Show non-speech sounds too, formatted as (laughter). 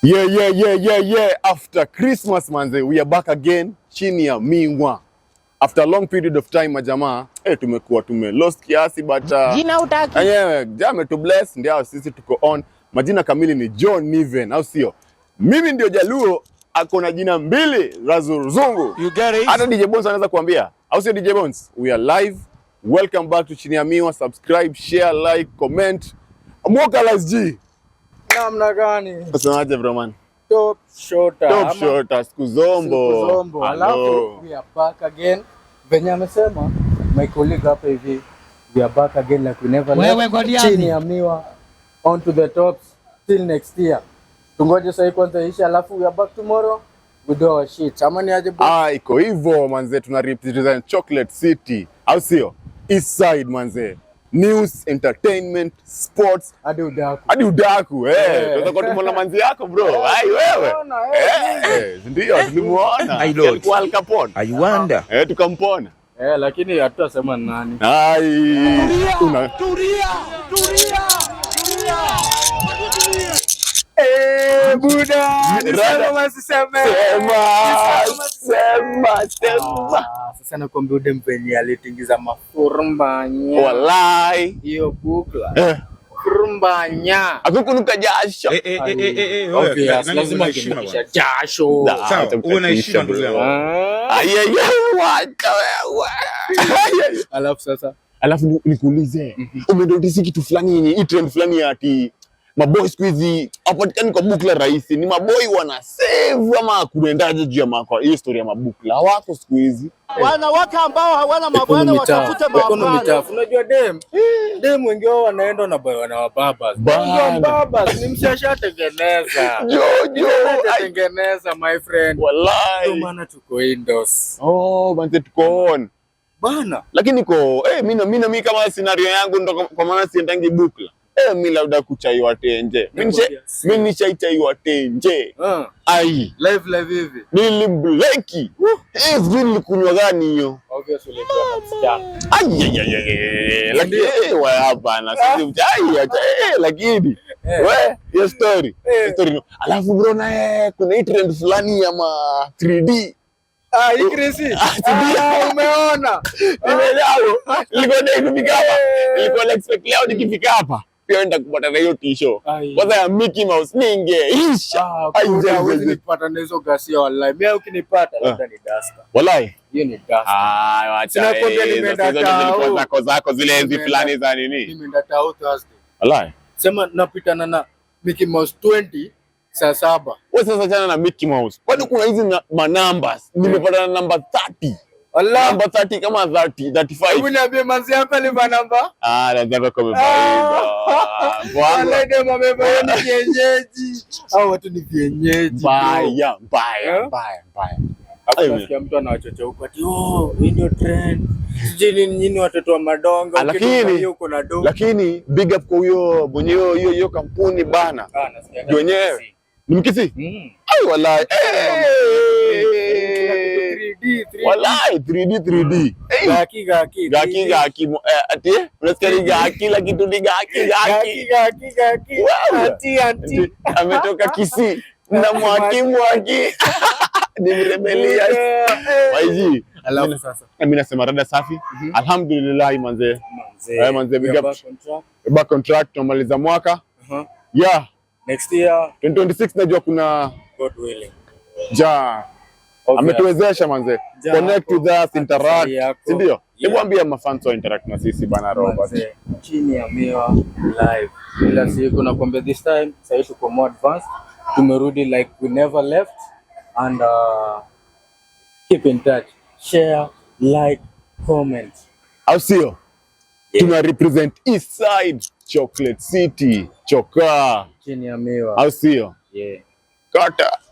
Yeah, yeah, yeah, yeah, yeah. After Christmas manze, we are back again chini ya Mingwa. After a long period of time majamaa, eh, tumekuwa tume lost kiasi but uh, jina utaki. Eh, yeah, jame to bless ndio sisi tuko on. Majina kamili ni John Niven, au sio? Mimi ndio Jaluo ako na jina mbili Razuzungu. You get it? Hata DJ Bones anaweza kuambia. Au sio DJ Bones? We are live. Welcome back to chini ya Mingwa. Subscribe, share, like, comment. Mwaka Moka LSG namna gani? Unasemaje bro man? Top shota. Top shota, siku zombo. Siku Alafu we are back again. Venye amesema my colleague hapa hivi we are back again like we never left. Chini ya miwa on to the tops till next year. Tungoje sasa kwanza isha, alafu we are back tomorrow. We shit. Ama ni aje Ah, iko hivyo manze, tuna represent Chocolate City, au sio? East side manze news, entertainment, sports hadi udaku, hadi udaku. eh, eh. kwa Tumeona manzi yako bro, eh, ai wewe, eh. ndio tulimuona alikuwa Al Capone, I wonder ah. eh, tukampona eh, lakini hatutasema nani. Ai, turia turia turia Ah, sasa nakwambia udem penye alitingiza mafurumbanya. Walai. Hiyo bukla. Eh. Furumbanya. jasho. Eh, eh, jasho. Ah. (laughs) Alafu sasa, alafu nikuulize, mhm. kitu fulani yenye trend fulani ati maboi siku hizi hapatikani kwa bukla rahisi, ni maboi wana save ama kunaendaje juu ya mako hiyo story ya mabukla hawako siku hizi. Eh. Wanawake ambao hawana mabwana watafute mabwana. Unajua dem eh. dem wengi wao wanaenda na boy wana wababa. Baba ni mshasha tengeneza. jo jo tengeneza my friend. Wallahi. Ndio maana tuko indos. Oh, manze tuko on. Bana. Lakini ko eh, mimi na mimi kama scenario yangu ndo kwa maana siendangi bukla eh, mi labda kuchaiwa tenje mi nishaichaiwa tenje ah. ai live live hivi nilibleki hivi eh, nilikunywa gani hiyo lakini we story story alafu bro na eh, kuna hii trend fulani ya ma 3D Ah, hii krisi. Ah, ah, umeona. Nimeelewa. Nilikuwa na ikifika hapa. Eh. Nilikuwa na expect nikifika hapa pia nitakupata na hiyo tisho kwanza ya Mickey Mouse ninge ningeisha. Ah, Hawezi nipata na hizo gasi ya wallahi. Mimi ukinipata ah. labda ni dasta Wallahi. Hiyo ni dasta Ah, acha wacha. Sinakwambia eh, nimeenda tao. Hizo zako zako zile enzi fulani za nini? Nimeenda tao Thursday. Wallahi. Sema napita na na Mickey Mouse 20 saa saba. Wewe sasa chana na Mickey Mouse. Kwani kuna hizi manamba. Nimepata na eh. namba 30. Allah batati kama 30 35. Hebu niambie manzi yako aliva namba? Ah, na namba kwa baba. Wale demo baba ni kienyeji. Hao watu ni kienyeji. Baya, baya, baya, eh? baya. Hapo mtu anawachochea huko ati oh, hii ndio trend. Sijui nini watoto wa madongo ah, lakini huko na dogo. Lakini big up kwa huyo mwenye hiyo hiyo kampuni bana. Ah, nasikia. Wenyewe. Ni mkisi? Mm. Ai wallahi. Hey. Eh. Hey wallahi 3D 3D eh, gaki gaki eh, gaki gaki ati gaki gaki gaki gaki gaki ati ati ametoka kisi (laughs) na mwaki (laughs) mwaki eh. ni mimi nasema rada safi mhm. alhamdulillah manze manze manze big up back on tumaliza mwaka uh-huh. yeah next year 2026 najua kuna God willing ja Ametuwezesha manze, connect with us, interact, si ndio? Hebu ambia mafans wa interact na sisi bana Robert, chini ya miwa live kila siku na kuambia, this time sasa tuko more advanced, tumerudi like we never left and uh, keep in touch, share, like, comment, au sio? Yeah. Tuna represent East Side Chocolate City, Choka. chini ya miwa, au sio? Yeah. Kata